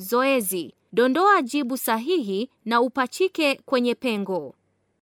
Zoezi: dondoa jibu sahihi na upachike kwenye pengo.